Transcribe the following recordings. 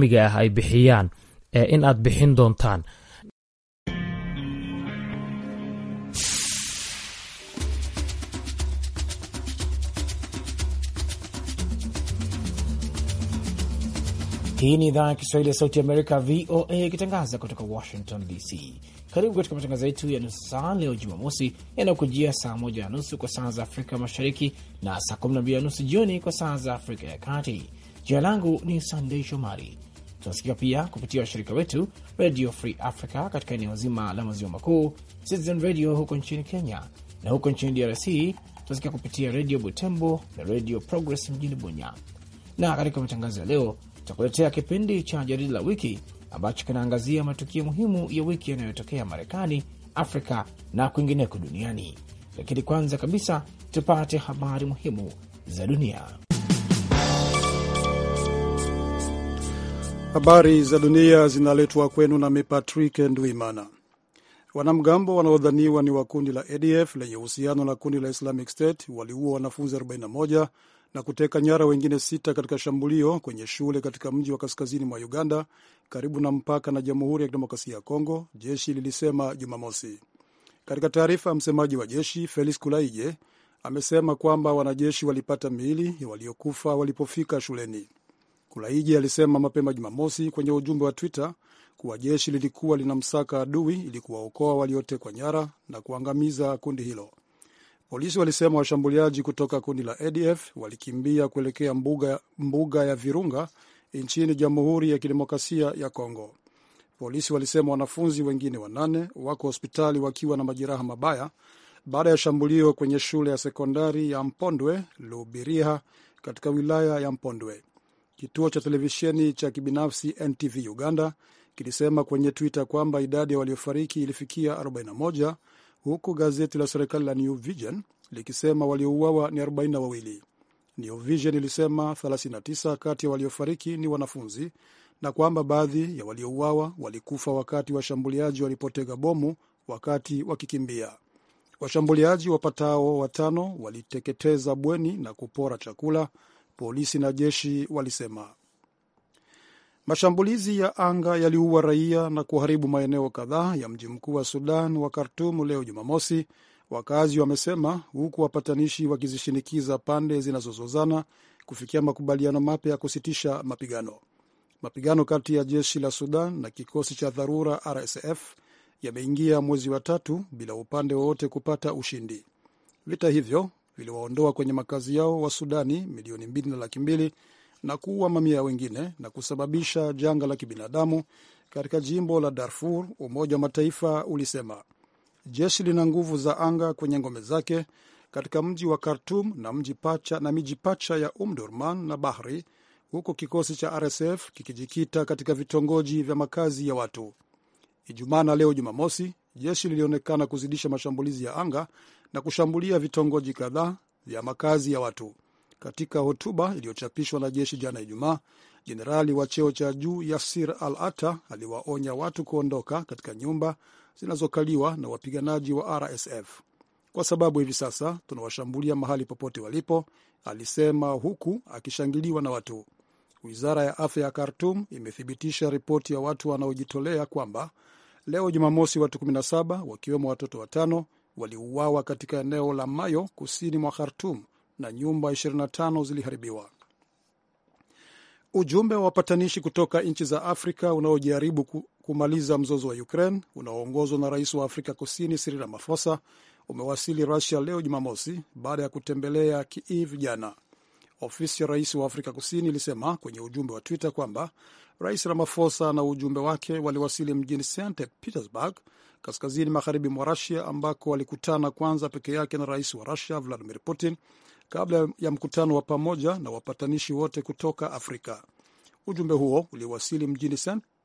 miga ah ay bixiyaan ee in aad bixin doontaan Hii ni idhaa ya Kiswahili ya sauti Amerika, VOA, ikitangaza kutoka Washington DC. Karibu katika matangazo yetu ya nusu saa leo Jumamosi, yanayokujia saa moja na nusu kwa saa za Afrika Mashariki na saa kumi na mbili na nusu jioni kwa saa za Afrika ya Kati. Jina langu ni Sandei Shomari Tunasikika pia kupitia washirika wetu Radio Free Africa katika eneo zima la maziwa makuu, Citizen Radio huko nchini Kenya, na huko nchini DRC tunasikika kupitia Radio Butembo na Radio Progress mjini Bunya. Na katika matangazo ya leo tutakuletea kipindi cha jarida la wiki ambacho kinaangazia matukio muhimu ya wiki yanayotokea Marekani, Afrika na kwingineko duniani. Lakini kwanza kabisa tupate habari muhimu za dunia. Habari za dunia zinaletwa kwenu nami Patrick Ndwimana. Wanamgambo wanaodhaniwa ni wa kundi la ADF lenye uhusiano na kundi la Islamic State waliua wanafunzi 41 na kuteka nyara wengine sita katika shambulio kwenye shule katika mji wa kaskazini mwa Uganda, karibu na mpaka na Jamhuri ya Kidemokrasia ya Kongo, jeshi lilisema Jumamosi. Katika taarifa, msemaji wa jeshi Felix Kulaije amesema kwamba wanajeshi walipata miili ya waliokufa walipofika shuleni. Kulaiji alisema mapema Jumamosi kwenye ujumbe wa Twitter kuwa jeshi lilikuwa linamsaka adui ili kuwaokoa waliotekwa nyara na kuangamiza kundi hilo. Polisi walisema washambuliaji kutoka kundi la ADF walikimbia kuelekea mbuga, mbuga ya Virunga nchini Jamhuri ya Kidemokrasia ya Kongo. Polisi walisema wanafunzi wengine wanane wako hospitali wakiwa na majeraha mabaya baada ya shambulio kwenye shule ya sekondari ya Mpondwe Lubiriha katika wilaya ya Mpondwe. Kituo cha televisheni cha kibinafsi NTV Uganda kilisema kwenye Twitter kwamba idadi ya waliofariki ilifikia 41 huku gazeti la serikali la New Vision likisema waliouawa ni 42. New Vision ilisema 39 kati ya waliofariki ni wanafunzi na kwamba baadhi ya waliouawa walikufa wakati washambuliaji walipotega bomu wakati wakikimbia. Washambuliaji wapatao watano waliteketeza bweni na kupora chakula polisi na jeshi walisema. Mashambulizi ya anga yaliua raia na kuharibu maeneo kadhaa ya mji mkuu wa Sudan wa khartum leo Jumamosi, wakazi wamesema, huku wapatanishi wakizishinikiza pande zinazozozana kufikia makubaliano mapya ya kusitisha mapigano. Mapigano kati ya jeshi la Sudan na kikosi cha dharura RSF yameingia mwezi wa tatu bila upande wowote kupata ushindi. Vita hivyo viliwaondoa kwenye makazi yao wa Sudani milioni mbili na laki mbili na kuua mamia wengine na kusababisha janga la kibinadamu katika jimbo la Darfur, Umoja wa Mataifa ulisema. Jeshi lina nguvu za anga kwenye ngome zake katika mji wa Khartum na mji pacha, na miji pacha ya Umdurman na Bahri, huku kikosi cha RSF kikijikita katika vitongoji vya makazi ya watu. Ijumaa na leo Jumamosi, jeshi lilionekana kuzidisha mashambulizi ya anga na kushambulia vitongoji kadhaa vya makazi ya watu. Katika hotuba iliyochapishwa na jeshi jana Ijumaa, jenerali wa cheo cha juu Yasir Al Ata aliwaonya watu kuondoka katika nyumba zinazokaliwa na wapiganaji wa RSF kwa sababu hivi sasa tunawashambulia mahali popote walipo, alisema huku akishangiliwa na watu. Wizara ya afya ya Khartum imethibitisha ripoti ya watu wanaojitolea kwamba leo Jumamosi, watu 17 wakiwemo watoto watano waliuawa katika eneo la Mayo kusini mwa Khartum na nyumba 25 ziliharibiwa. Ujumbe wa wapatanishi kutoka nchi za Afrika unaojaribu kumaliza mzozo wa Ukraine unaoongozwa na rais wa Afrika Kusini Cyril Ramaphosa umewasili rasia leo Jumamosi baada ya kutembelea Kiev jana. Ofisi ya rais wa Afrika Kusini ilisema kwenye ujumbe wa Twitter kwamba Rais Ramaphosa na ujumbe wake waliwasili mjini St Petersburg kaskazini magharibi mwa Rusia, ambako alikutana kwanza peke yake na rais wa Rusia Vladimir Putin kabla ya mkutano wa pamoja na wapatanishi wote kutoka Afrika. Ujumbe huo uliwasili mjini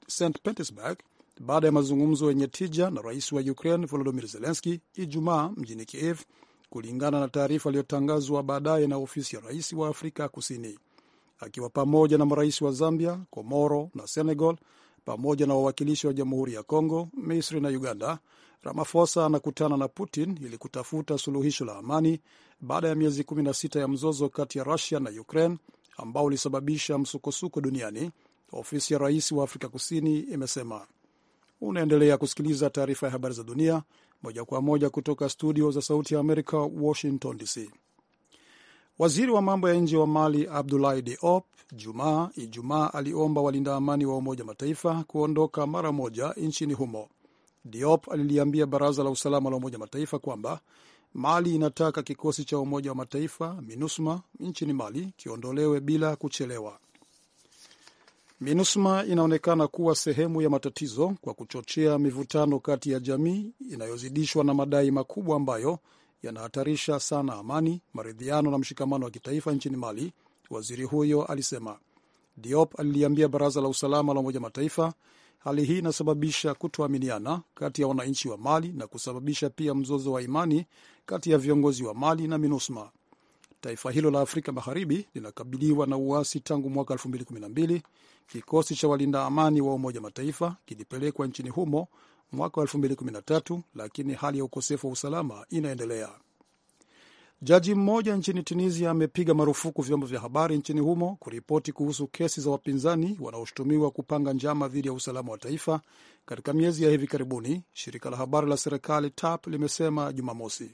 St Petersburg baada ya mazungumzo yenye tija na rais wa Ukraine Volodymyr Zelenski Ijumaa mjini Kiev, kulingana na taarifa iliyotangazwa baadaye na ofisi ya rais wa Afrika Kusini. Akiwa pamoja na marais wa Zambia, Komoro na Senegal, pamoja na wawakilishi wa Jamhuri ya Kongo, Misri na Uganda, ramafosa anakutana na Putin ili kutafuta suluhisho la amani baada ya miezi 16 ya mzozo kati ya Rusia na Ukraine ambao ulisababisha msukosuko duniani, ofisi ya rais wa Afrika Kusini imesema. Unaendelea kusikiliza taarifa ya habari za dunia moja kwa moja kutoka studio za Sauti ya Amerika, Washington DC. Waziri wa mambo ya nje wa Mali Abdoulaye Diop Jumaa Ijumaa aliomba walinda amani wa Umoja Mataifa kuondoka mara moja nchini humo. Diop aliliambia Baraza la Usalama la Umoja Mataifa kwamba Mali inataka kikosi cha Umoja wa Mataifa MINUSMA nchini Mali kiondolewe bila kuchelewa. MINUSMA inaonekana kuwa sehemu ya matatizo kwa kuchochea mivutano kati ya jamii inayozidishwa na madai makubwa ambayo yanahatarisha sana amani, maridhiano na mshikamano wa kitaifa nchini Mali, waziri huyo alisema. Diop aliliambia baraza la usalama la Umoja Mataifa hali hii inasababisha kutoaminiana kati ya wananchi wa Mali na kusababisha pia mzozo wa imani kati ya viongozi wa Mali na MINUSMA. Taifa hilo la Afrika Magharibi linakabiliwa na uasi tangu mwaka 2012. Kikosi cha walinda amani wa Umoja Mataifa kilipelekwa nchini humo mwaka 2013 lakini hali ya ukosefu wa usalama inaendelea. Jaji mmoja nchini Tunisia amepiga marufuku vyombo vya habari nchini humo kuripoti kuhusu kesi za wapinzani wanaoshutumiwa kupanga njama dhidi ya usalama wa taifa katika miezi ya hivi karibuni, shirika la habari la serikali TAP limesema Jumamosi.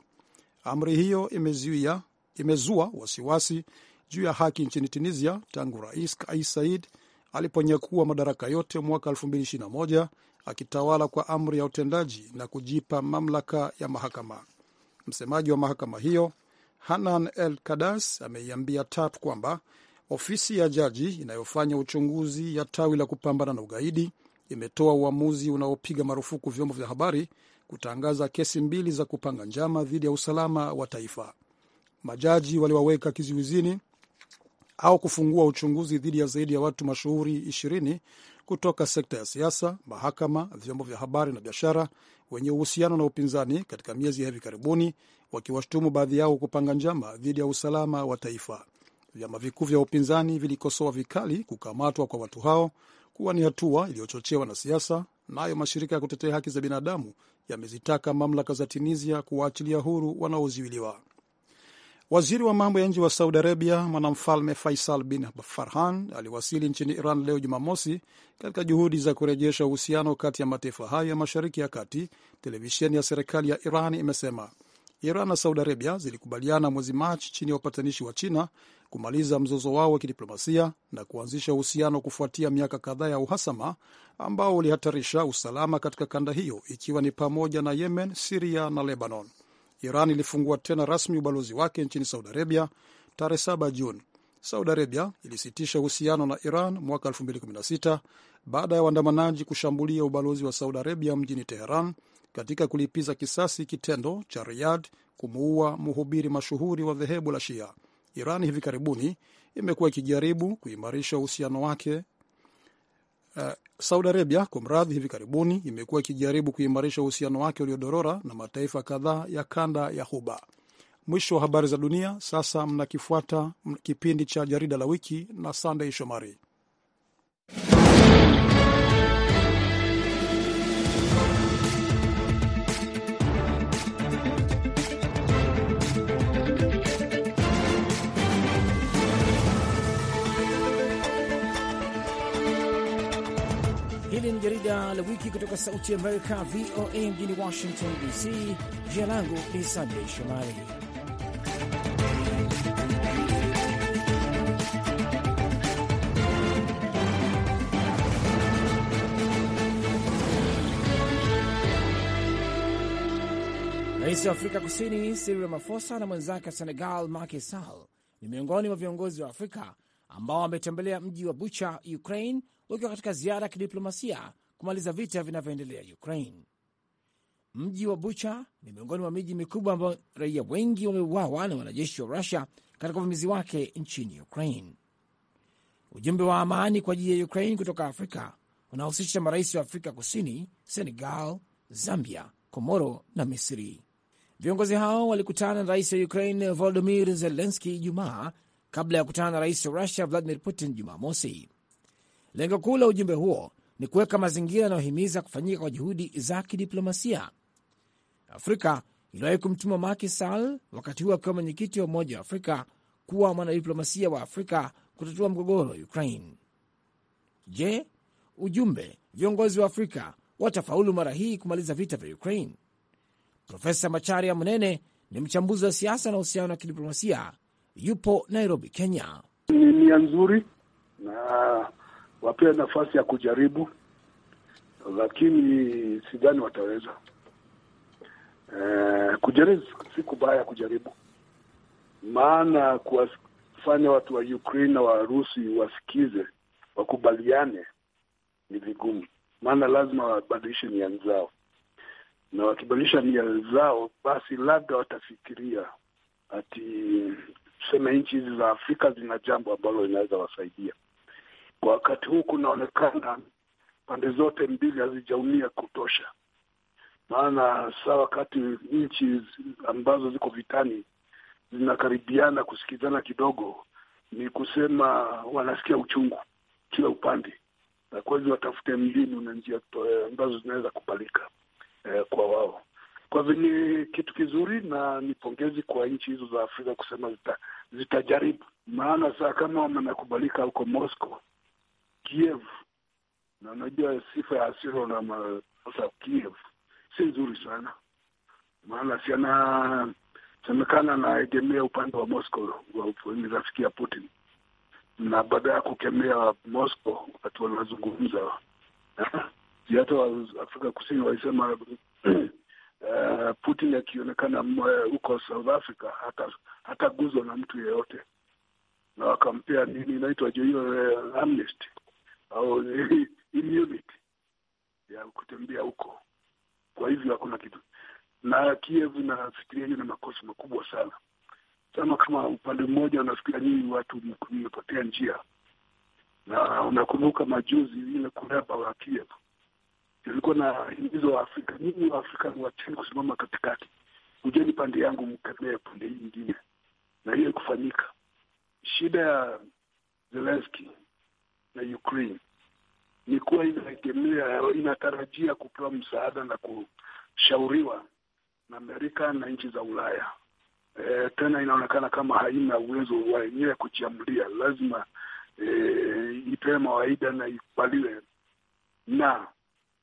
Amri hiyo imezuia, imezua wasiwasi juu ya haki nchini Tunisia tangu Rais Kais Said aliponyakua madaraka yote mwaka akitawala kwa amri ya utendaji na kujipa mamlaka ya mahakama. Msemaji wa mahakama hiyo Hanan El Kadas ameiambia TAP kwamba ofisi ya jaji inayofanya uchunguzi ya tawi la kupambana na ugaidi imetoa uamuzi unaopiga marufuku vyombo vya habari kutangaza kesi mbili za kupanga njama dhidi ya usalama wa taifa. Majaji waliwaweka kizuizini au kufungua uchunguzi dhidi ya zaidi ya watu mashuhuri ishirini kutoka sekta ya siasa, mahakama, vyombo vya habari na biashara wenye uhusiano na upinzani katika miezi ya hivi karibuni, wakiwashutumu baadhi yao kupanga njama dhidi ya usalama wa taifa. Vyama vikuu vya upinzani vilikosoa vikali kukamatwa kwa watu hao kuwa ni hatua iliyochochewa na siasa. Nayo mashirika ya kutetea haki za binadamu yamezitaka mamlaka za Tunisia kuwaachilia huru wanaozuiliwa. Waziri wa mambo ya nje wa Saudi Arabia, mwanamfalme Faisal bin Farhan, aliwasili nchini Iran leo Jumamosi katika juhudi za kurejesha uhusiano kati ya mataifa hayo ya mashariki ya kati. Televisheni ya serikali ya Iran imesema Iran na Saudi Arabia zilikubaliana mwezi Machi chini ya upatanishi wa China kumaliza mzozo wao wa kidiplomasia na kuanzisha uhusiano kufuatia miaka kadhaa ya uhasama ambao ulihatarisha usalama katika kanda hiyo, ikiwa ni pamoja na Yemen, Siria na Lebanon. Iran ilifungua tena rasmi ubalozi wake nchini Saudi Arabia tarehe 7 Juni. Saudi Arabia ilisitisha uhusiano na Iran mwaka 2016 baada ya waandamanaji kushambulia ubalozi wa Saudi Arabia mjini Teheran katika kulipiza kisasi kitendo cha Riyad kumuua mhubiri mashuhuri wa dhehebu la Shia. Iran hivi karibuni imekuwa ikijaribu kuimarisha uhusiano wake eh, Saudi Arabia kwa mradhi, hivi karibuni imekuwa ikijaribu kuimarisha uhusiano wake uliodorora na mataifa kadhaa ya kanda ya Ghuba. Mwisho wa habari za dunia. Sasa mnakifuata kipindi cha jarida la wiki na Sandey Shomari. hili ni jarida la wiki kutoka Sauti Amerika, VOA mjini Washington DC. Jina langu ni Sandei Shomari. Rais wa Afrika Kusini siri ramafosa na mwenzake wa Senegal Macky Sall ni miongoni mwa viongozi wa Afrika ambao wametembelea mji wa Bucha, Ukraine wakiwa katika ziara ya kidiplomasia kumaliza vita vinavyoendelea Ukraine. Mji wa Bucha ni miongoni mwa miji mikubwa ambayo raia wengi wameuawa na wanajeshi wa Rusia katika uvamizi wake nchini Ukraine. Ujumbe wa amani kwa ajili ya Ukraine kutoka Afrika unahusisha marais wa Afrika Kusini, Senegal, Zambia, Komoro na Misri. Viongozi hao walikutana na rais wa Ukraine Volodimir Zelenski Ijumaa kabla ya kukutana na rais wa Rusia Vladimir Putin Jumamosi. Lengo kuu la ujumbe huo ni kuweka mazingira yanayohimiza kufanyika kwa juhudi za kidiplomasia. Afrika iliwahi kumtuma Macky Sall, wakati huo akiwa mwenyekiti wa Umoja wa Afrika, kuwa mwanadiplomasia wa Afrika kutatua mgogoro wa Ukraine. Je, ujumbe viongozi wa Afrika watafaulu mara hii kumaliza vita vya Ukraine? Profesa Macharia Munene ni mchambuzi wa siasa na uhusiano wa kidiplomasia, yupo Nairobi, Kenya. Ni nia nzuri na wapewe nafasi ya kujaribu, lakini sidhani wataweza. E, kujaribu si kubaya, kujaribu maana kuwafanya watu wa Ukraine na Warusi wasikize, wakubaliane ni vigumu, maana lazima wabadilishe nia zao, na wakibadilisha nia zao, basi labda watafikiria ati tuseme nchi hizi za Afrika zina jambo ambalo linaweza wasaidia. Kwa wakati huu kunaonekana pande zote mbili hazijaumia kutosha, maana saa wakati nchi ambazo ziko vitani zinakaribiana kusikizana kidogo, ni kusema wanasikia uchungu kila upande, na kwa hivyo watafute mbinu na njia ambazo zinaweza kupalika eh, kwa wao. Kwa hivyo ni kitu kizuri na ni pongezi kwa nchi hizo za Afrika kusema zita, zitajaribu, maana saa kama wamekubalika huko Moscow Kiev, na najua sifa ya Asiro na makosa Kiev si nzuri sana, maana siana semekana anaegemea upande wa Moscow wa ni rafiki ya Putin, na baada ya kukemea Moscow watu wanazungumza hata Afrika Kusini walisema eh, Putin akionekana huko South Africa hata hata hataguzwa na mtu yeyote, na wakampea nini inaitwa hiyo eh, amnesty au immunity ya kutembea huko. Kwa hivyo hakuna kitu, na Kiev inafikiria hiyo na makosa makubwa sana sana. Kama upande mmoja unafikiria nyinyi watu mmepotea njia, na unakumbuka majuzi ile kuraba wa Kiev ilikuwa na hizo wa Afrika, nyinyi wa Afrika wacheni kusimama katikati, ujeni pande yangu, mkemee pande hii nyingine, na hiyo ikufanyika. Shida ya Zelenski na Ukraine ilikuwa inaegemea, inatarajia kupewa msaada na kushauriwa na Amerika na nchi za Ulaya. E, tena inaonekana kama haina uwezo wa yenyewe kujiamulia, lazima e, ipewe mawaida na ikubaliwe na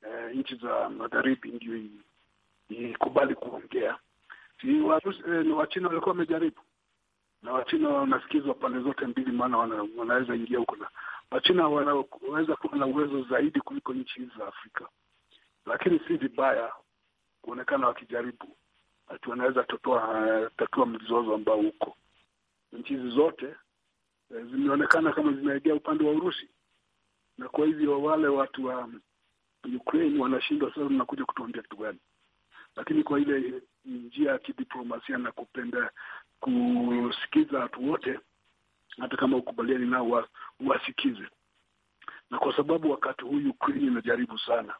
e, nchi za magharibi ndio ikubali kuongea. Si e, Wachina walikuwa wamejaribu na Wachina wanasikizwa pande zote mbili, maana wanaweza ingia huko na Wachina wanaweza kuwa na uwezo zaidi kuliko nchi hizi za Afrika, lakini si vibaya kuonekana wakijaribu ati wanaweza totoa tatua mzozo ambao uko. Nchi hizi zote eh, zimeonekana kama zinaegea upande wa Urusi, na kwa hivyo wale watu wa um, Ukraine wanashindwa sasa, mnakuja kutuambia kitu gani? Lakini kwa ile njia ya kidiplomasia na kupenda kusikiza watu wote, hata kama ukubaliani nao wasikize, na kwa sababu wakati huu Ukraine inajaribu sana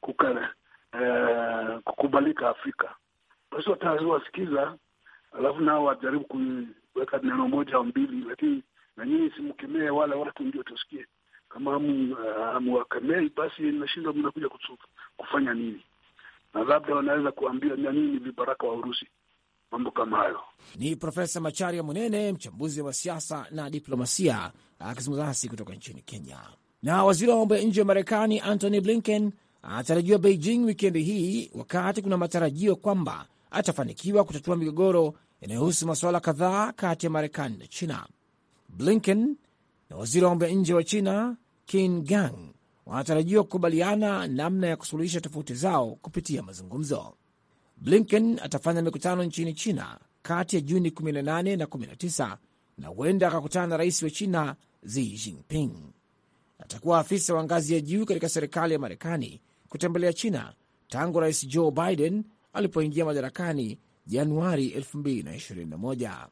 kukana, eh, kukubalika Afrika, basi watawasikiza, alafu nao wajaribu kuweka neno moja au mbili, lakini na nyinyi simkemee wale watu, ndio tusikie kama hamuwakemei eh, uh, basi nashindwa mnakuja kufanya nini? Na labda wanaweza kuambia nani ni vibaraka wa Urusi mambo kama hayo. Ni Profesa Macharia Munene, mchambuzi wa siasa na diplomasia, akizungumza nasi kutoka nchini Kenya. Na waziri wa mambo ya nje wa Marekani Antony Blinken anatarajiwa Beijing wikendi hii, wakati kuna matarajio kwamba atafanikiwa kutatua migogoro inayohusu masuala kadhaa kati ya Marekani na China. Blinken na waziri wa mambo ya nje wa China Qin Gang wanatarajiwa kukubaliana namna ya kusuluhisha tofauti zao kupitia mazungumzo. Blinken atafanya mikutano nchini China kati ya Juni 18 na 19 na huenda akakutana na rais wa China Xi Jinping. Atakuwa afisa wa ngazi ya juu katika serikali ya Marekani kutembelea China tangu rais Joe Biden alipoingia madarakani Januari 2021.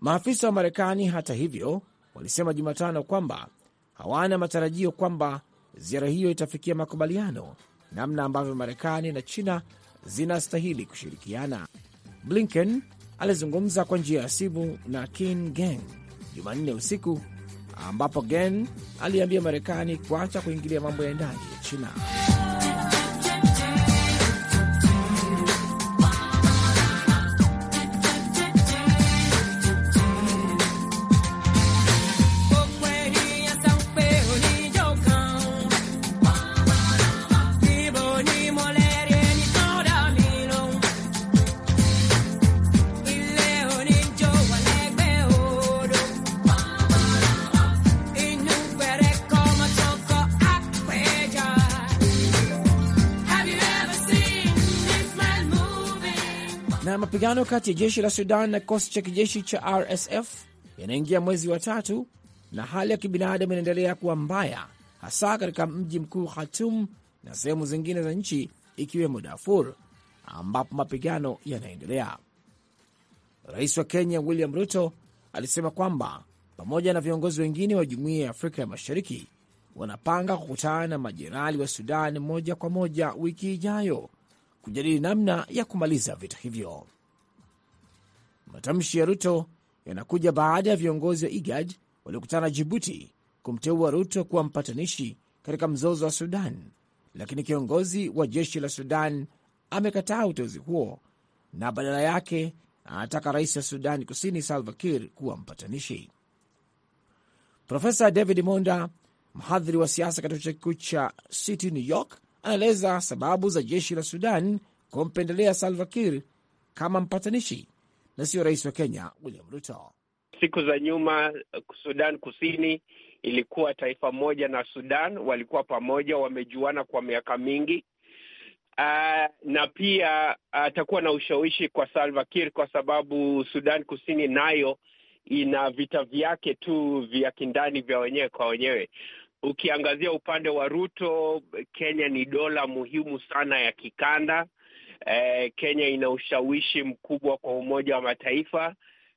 Maafisa wa Marekani hata hivyo walisema Jumatano kwamba hawana matarajio kwamba ziara hiyo itafikia makubaliano, namna ambavyo Marekani na China zinastahili kushirikiana. Blinken alizungumza kwa njia ya simu na kin Geng Jumanne usiku ambapo Gen aliambia Marekani kuacha kuingilia mambo ya ndani ya China. Mapigano kati ya jeshi la Sudan na kikosi cha kijeshi cha RSF yanaingia mwezi wa tatu na hali ya kibinadamu inaendelea kuwa mbaya, hasa katika mji mkuu Khartoum na sehemu zingine za nchi ikiwemo Darfur ambapo mapigano yanaendelea. Rais wa Kenya William Ruto alisema kwamba pamoja na viongozi wengine wa Jumuiya ya Afrika ya Mashariki wanapanga kukutana na majenerali wa Sudan moja kwa moja wiki ijayo kujadili namna ya kumaliza vita hivyo. Matamshi ya Ruto yanakuja baada ya viongozi wa IGAD waliokutana Jibuti kumteua Ruto kuwa mpatanishi katika mzozo wa Sudan, lakini kiongozi wa jeshi la Sudan amekataa uteuzi huo na badala yake anataka rais wa sudan Kusini Salva Kiir kuwa mpatanishi. Profesa David Monda, mhadhiri wa siasa katika chuo kikuu cha City New York, anaeleza sababu za jeshi la Sudan kumpendelea Salva Kiir kama mpatanishi na sio rais wa Kenya William Ruto. Siku za nyuma Sudan Kusini ilikuwa taifa moja na Sudan, walikuwa pamoja, wamejuana kwa miaka mingi. Uh, na pia atakuwa uh, na ushawishi kwa Salva Kiir kwa sababu Sudan Kusini nayo ina vita vyake tu vya kindani vya wenyewe kwa wenyewe. Ukiangazia upande wa Ruto, Kenya ni dola muhimu sana ya kikanda eh, Kenya ina ushawishi mkubwa kwa Umoja wa Mataifa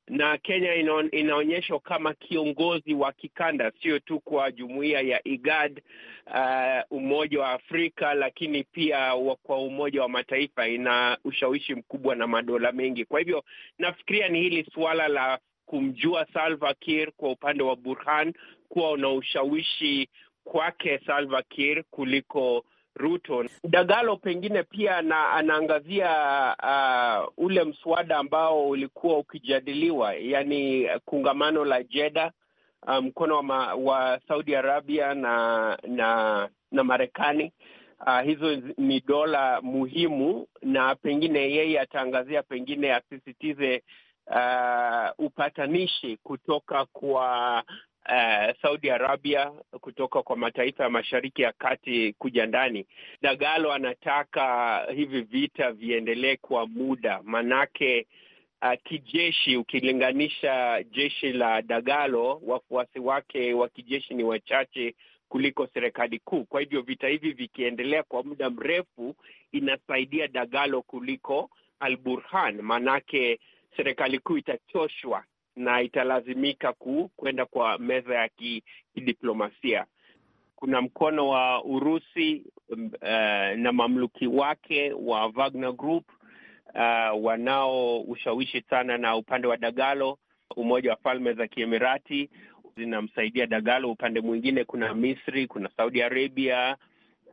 na Kenya ina, inaonyeshwa kama kiongozi wa kikanda, sio tu kwa jumuiya ya IGAD, uh, Umoja wa Afrika, lakini pia wa, kwa Umoja wa Mataifa ina ushawishi mkubwa na madola mengi. Kwa hivyo nafikiria ni hili suala la kumjua Salva Kiir kwa upande wa Burhan kuwa una ushawishi kwake Salva Kiir kuliko Ruto. Dagalo pengine pia na, anaangazia uh, ule mswada ambao ulikuwa ukijadiliwa, yani kungamano la jeda uh, mkono um, wa, wa Saudi Arabia na na na Marekani. Uh, hizo ni dola muhimu, na pengine yeye ataangazia, pengine asisitize uh, upatanishi kutoka kwa uh, Saudi Arabia kutoka kwa mataifa ya Mashariki ya Kati kuja ndani. Dagalo anataka hivi vita viendelee kwa muda, manake uh, kijeshi, ukilinganisha jeshi la Dagalo, wafuasi wake wa kijeshi ni wachache kuliko serikali kuu. Kwa hivyo vita hivi vikiendelea kwa muda mrefu, inasaidia Dagalo kuliko Al Burhan, maanake serikali kuu itachoshwa na italazimika ku, kwenda kwa meza ya kidiplomasia. Kuna mkono wa Urusi uh, na mamluki wake wa Wagner Group uh, eh, wanaoushawishi sana na upande wa Dagalo. Umoja wa Falme za Kiemirati zinamsaidia Dagalo. Upande mwingine kuna Misri, kuna Saudi Arabia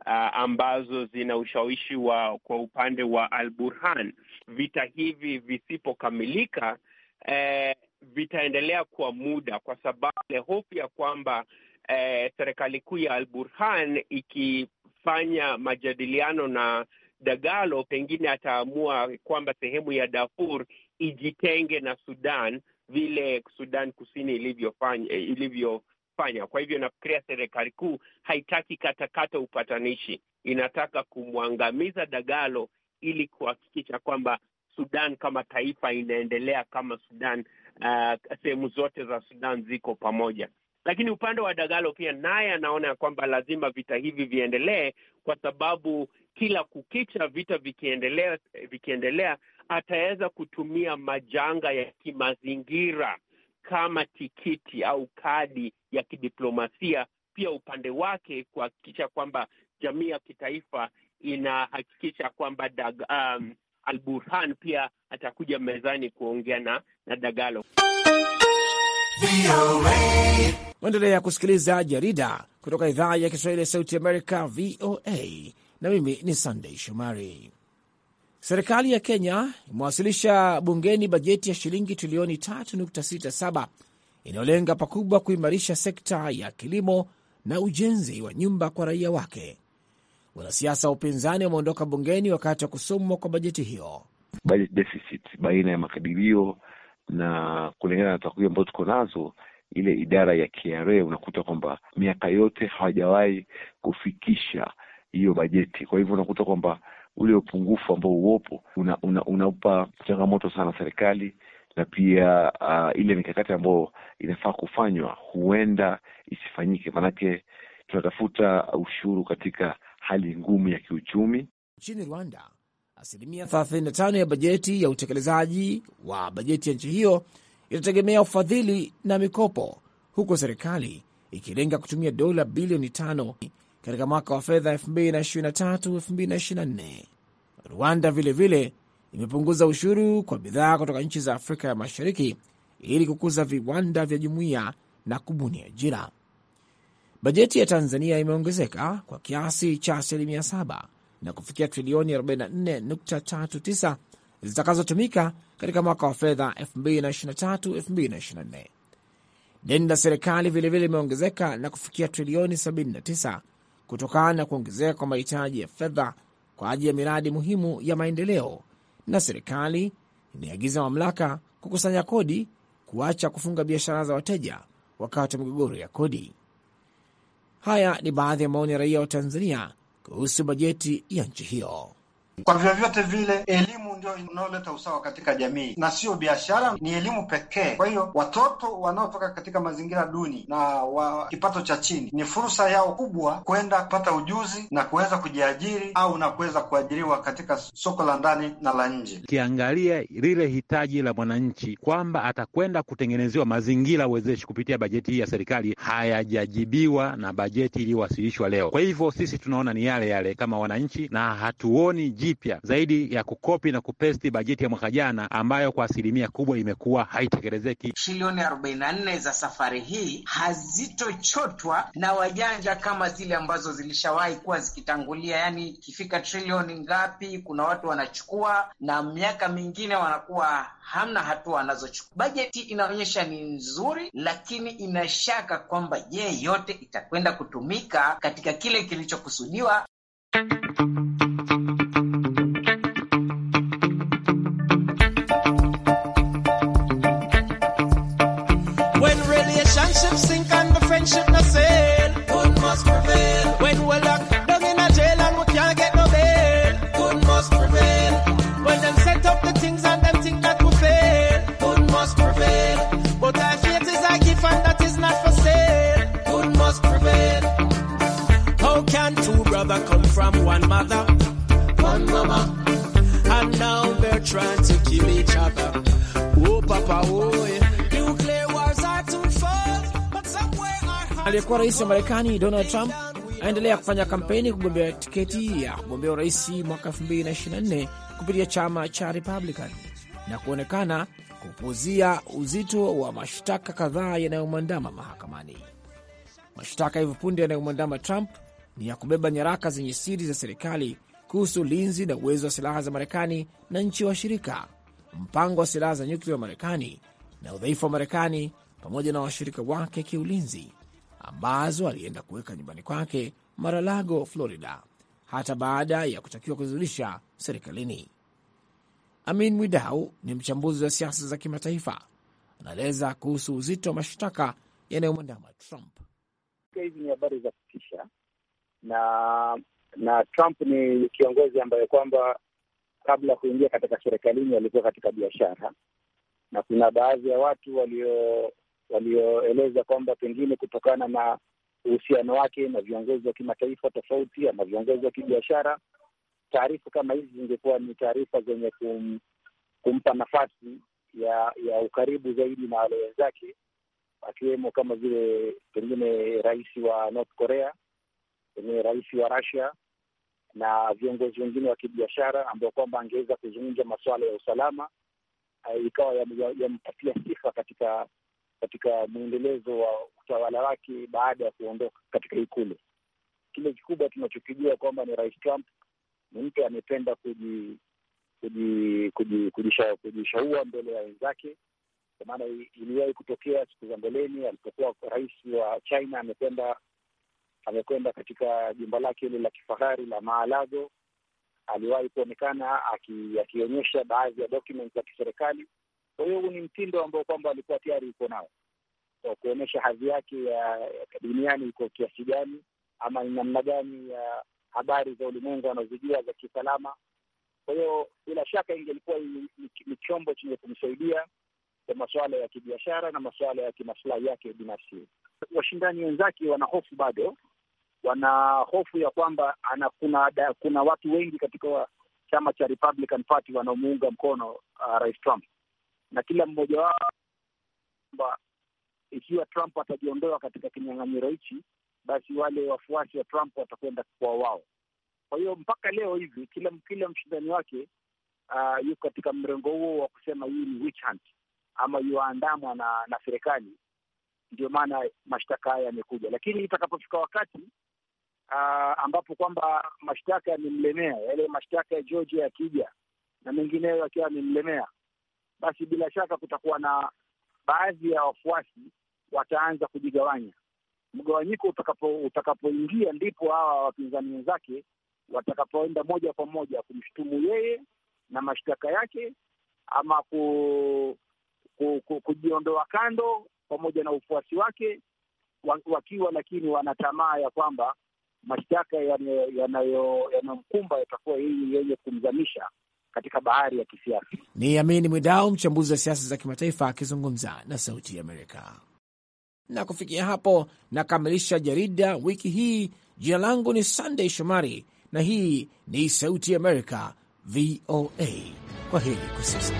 uh, ambazo zina ushawishi wa kwa upande wa Al Burhan. Vita hivi visipokamilika eh, vitaendelea kwa muda, kwa sababu ile hofu ya kwamba eh, serikali kuu ya Al Burhan ikifanya majadiliano na Dagalo pengine ataamua kwamba sehemu ya Darfur ijitenge na Sudan vile Sudan Kusini ilivyofanya eh, ilivyofanya. Kwa hivyo nafikiria serikali kuu haitaki katakata upatanishi, inataka kumwangamiza Dagalo ili kuhakikisha kwamba Sudan kama taifa inaendelea kama Sudan uh, sehemu zote za Sudan ziko pamoja. Lakini upande wa Dagalo pia naye anaona ya kwamba lazima vita hivi viendelee, kwa sababu kila kukicha vita vikiendelea, vikiendelea ataweza kutumia majanga ya kimazingira kama tikiti au kadi ya kidiplomasia pia upande wake kuhakikisha kwamba jamii ya kitaifa inahakikisha kwamba um, Al Burhan pia atakuja mezani kuongea na na Dagalo. Mwendelea kusikiliza jarida kutoka idhaa ya Kiswahili ya Sauti Amerika, VOA, na mimi ni Sandei Shomari. Serikali ya Kenya imewasilisha bungeni bajeti ya shilingi trilioni 3.67 inayolenga pakubwa kuimarisha sekta ya kilimo na ujenzi wa nyumba kwa raia wake Wanasiasa wa upinzani wameondoka bungeni wakati wa kusomwa kwa bajeti hiyo. Budget deficit baina ya makadirio na kulingana na takwimu ambazo tuko nazo, ile idara ya KRA unakuta kwamba miaka yote hawajawahi kufikisha hiyo bajeti. Kwa hivyo unakuta kwamba ule upungufu ambao uopo una, una, unaupa changamoto sana serikali na pia uh, ile mikakati ambayo inafaa kufanywa huenda isifanyike, maanake tunatafuta ushuru katika hali ngumu ya kiuchumi nchini Rwanda. Asilimia 35 ya bajeti ya utekelezaji wa bajeti ya nchi hiyo inategemea ufadhili na mikopo, huku serikali ikilenga kutumia dola bilioni 5 katika mwaka wa fedha 2023-2024. Rwanda vilevile imepunguza ushuru kwa bidhaa kutoka nchi za Afrika ya Mashariki ili kukuza viwanda vya jumuiya na kubuni ajira. Bajeti ya Tanzania imeongezeka kwa kiasi cha asilimia 7 na kufikia trilioni 44.39 zitakazotumika katika mwaka wa fedha 2023/2024. Deni la serikali vilevile limeongezeka na kufikia trilioni 79 kutokana na kuongezeka kwa mahitaji ya fedha kwa ajili ya miradi muhimu ya maendeleo, na serikali imeagiza mamlaka kukusanya kodi, kuacha kufunga biashara za wateja wakati wa migogoro ya kodi. Haya ni baadhi ya maoni ya raia wa Tanzania kuhusu bajeti ya nchi hiyo. Kwa vyovyote vile elimu ndio unaoleta usawa katika jamii na sio biashara, ni elimu pekee. Kwa hiyo watoto wanaotoka katika mazingira duni na wa kipato cha chini ni fursa yao kubwa kwenda kupata ujuzi na kuweza kujiajiri au na kuweza kuajiriwa katika soko la ndani na la nje. Ukiangalia lile hitaji la mwananchi kwamba atakwenda kutengenezewa mazingira wezeshi kupitia bajeti hii ya serikali hayajajibiwa na bajeti iliyowasilishwa leo. Kwa hivyo sisi tunaona ni yale yale kama wananchi, na hatuoni jipya zaidi ya kukopi na kukopi kupesti bajeti ya mwaka jana ambayo kwa asilimia kubwa imekuwa haitekelezeki. Trilioni 44 za safari hii hazitochotwa na wajanja kama zile ambazo zilishawahi kuwa zikitangulia. Yani ikifika trilioni ngapi, kuna watu wanachukua na miaka mingine wanakuwa hamna hatua wanazochukua. Bajeti inaonyesha ni nzuri, lakini inashaka kwamba je, yote itakwenda kutumika katika kile kilichokusudiwa. aliyekuwa rais wa Marekani Donald Trump aendelea kufanya kampeni kugombea tiketi ya kugombea urais mwaka 2024 kupitia chama cha Republican na kuonekana kupuzia uzito wa mashtaka kadhaa yanayomwandama mahakamani. Mashtaka hivi punde yanayomwandama Trump ni ya kubeba nyaraka zenye siri za serikali kuhusu ulinzi na uwezo wa silaha za Marekani na nchi washirika, mpango wa silaha za nyuklia wa Marekani na udhaifu wa Marekani pamoja na washirika wake kiulinzi ambazo alienda kuweka nyumbani kwake Maralago, Florida, hata baada ya kutakiwa kuzirudisha serikalini. Amin Mwidau ni mchambuzi wa siasa za kimataifa, anaeleza kuhusu uzito wa mashtaka yanayomwandama Trump. Hizi ni habari za kutisha na na Trump ni kiongozi ambaye kwamba kabla ya kuingia katika serikalini alikuwa katika biashara, na kuna baadhi ya watu walio walioeleza kwamba pengine kutokana na uhusiano wake na viongozi wa kimataifa tofauti ama viongozi wa kibiashara, taarifa kama hizi zingekuwa ni taarifa zenye kum, kumpa nafasi ya ya ukaribu zaidi na wale wenzake, akiwemo kama vile pengine rais wa North Korea, pengine rais wa Russia na viongozi wengine wa kibiashara ambao kwamba angeweza kuzungumza masuala ya usalama, eh, ikawa yampatia ya sifa katika katika mwendelezo wa utawala wake baada ya kuondoka katika ikulu. Kile kikubwa tunachokijua kwamba ni Rais Trump ni mtu amependa kujishaua mbele ya wenzake, kwa maana iliwahi kutokea siku za mbeleni alipokuwa rais wa China amependa amekwenda katika jumba lake ile la kifahari la Maalago. Aliwahi kuonekana akionyesha baadhi ya documents za kiserikali kwa hiyo huu ni mtindo ambao kwamba alikuwa tayari uko nao kwa kuonyesha hadhi yake ya duniani iko kiasi gani, ama ni namna gani ya habari za ulimwengu anazojua za kisalama. Kwa hiyo bila shaka ingelikuwa ni chombo chenye kumsaidia kwa masuala ya kibiashara na masuala ya kimaslahi yake binafsi. Washindani wenzake wana hofu bado, wana hofu ya kwamba ana kuna, kuna watu wengi katika wa, chama cha Republican Party wanaomuunga mkono uh, Rais Trump na kila mmoja wao kwamba ikiwa Trump atajiondoa katika kinyang'anyiro hichi, basi wale wafuasi wa Trump watakwenda kwa wao. Kwa hiyo mpaka leo hivi kila kila mshindani wake uh, yuko katika mrengo huo wa kusema hii ni witch hunt ama yuwaandamwa na na serikali, ndio maana mashtaka haya yamekuja. Lakini itakapofika wakati uh, ambapo kwamba mashtaka yamemlemea, yale mashtaka ya Georgia yakija na mengineyo yakiwa yamemlemea basi bila shaka kutakuwa na baadhi ya wafuasi wataanza kujigawanya. Mgawanyiko utakapoingia utakapo ndipo hawa wapinzani wenzake watakapoenda moja kwa moja kumshutumu yeye na mashtaka yake ama ku, ku, ku, kujiondoa kando pamoja na ufuasi wake wakiwa lakini wana tamaa ya kwamba mashtaka yanayomkumba yatakuwa yeye yenye kumzamisha katika bahari ya kisiasa. Ni Amini Mwidau, mchambuzi wa siasa za kimataifa, akizungumza na Sauti ya Amerika. Na kufikia hapo nakamilisha jarida wiki hii. Jina langu ni Sunday Shomari na hii ni Sauti ya Amerika, VOA. Kwa heri kwa sasa.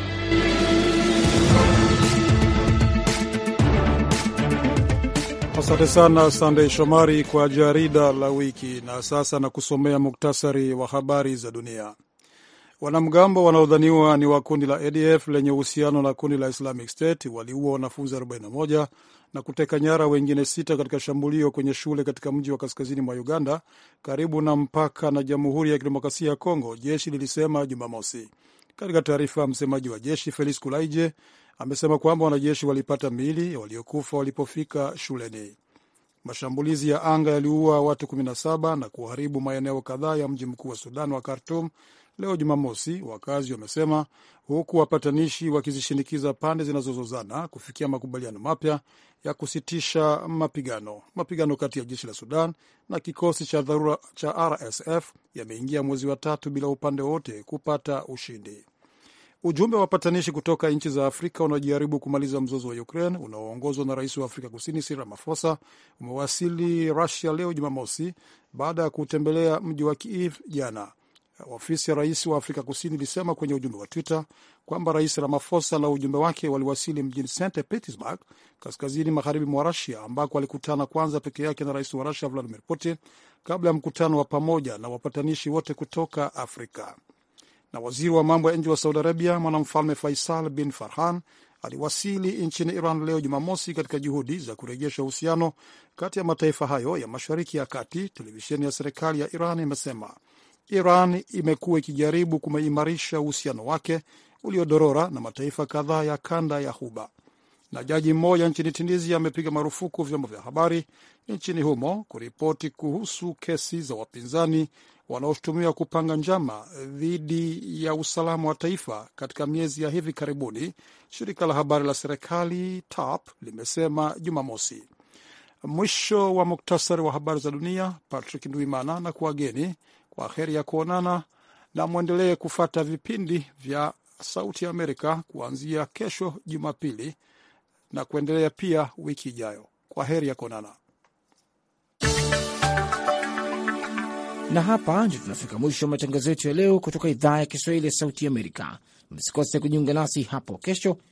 Asante sana Sandey Shomari kwa jarida la wiki. Na sasa na kusomea muktasari wa habari za dunia. Wanamgambo wanaodhaniwa ni wa kundi la ADF lenye uhusiano na kundi la Islamic State waliua wanafunzi 41 na kuteka nyara wengine sita katika shambulio kwenye shule katika mji wa kaskazini mwa Uganda karibu na mpaka na Jamhuri ya Kidemokrasia ya Kongo, jeshi lilisema Jumamosi. Katika taarifa, msemaji wa jeshi Felix Kulaije amesema kwamba wanajeshi walipata miili waliokufa walipofika shuleni. Mashambulizi ya anga yaliua watu 17 na kuharibu maeneo kadhaa ya mji mkuu wa Sudan wa Khartum leo Jumamosi, wakazi wamesema, huku wapatanishi wakizishinikiza pande zinazozozana kufikia makubaliano mapya ya kusitisha mapigano. Mapigano kati ya jeshi la Sudan na kikosi cha dharura cha RSF yameingia mwezi wa tatu bila upande wote kupata ushindi. Ujumbe wa wapatanishi kutoka nchi za Afrika unaojaribu kumaliza mzozo wa Ukraine unaoongozwa na rais wa Afrika Kusini Cyril Ramaphosa umewasili rasia leo Jumamosi baada ya kutembelea mji wa Kiev jana. Ofisi ya rais wa Afrika Kusini ilisema kwenye ujumbe wa Twitter kwamba Rais ramafosa na ujumbe wake waliwasili mjini St Petersburg, kaskazini magharibi mwa Rasia, ambako alikutana kwanza peke yake na rais wa Rasia Vladimir Putin kabla ya mkutano wa pamoja na wapatanishi wote kutoka Afrika. Na waziri wa mambo ya nje wa Saudi Arabia, mwanamfalme Faisal bin Farhan aliwasili nchini Iran leo Jumamosi katika juhudi za kurejesha uhusiano kati ya mataifa hayo ya mashariki ya kati, televisheni ya serikali ya Iran imesema. Iran imekuwa ikijaribu kumeimarisha uhusiano wake uliodorora na mataifa kadhaa ya kanda ya Ghuba. Na jaji mmoja nchini Tunisia amepiga marufuku vyombo vya habari nchini humo kuripoti kuhusu kesi za wapinzani wanaoshutumiwa kupanga njama dhidi ya usalama wa taifa katika miezi ya hivi karibuni, shirika la habari la serikali TAP limesema Jumamosi. Mwisho wa muktasari wa habari za dunia. Patrick Ndwimana na kuwageni kwa heri ya kuonana na mwendelee kufata vipindi vya Sauti Amerika kuanzia kesho Jumapili na kuendelea pia wiki ijayo. Kwa heri ya kuonana. Na hapa ndio tunafika mwisho wa matangazo yetu ya leo kutoka idhaa ya Kiswahili ya Sauti Amerika. Msikose kujiunga nasi hapo kesho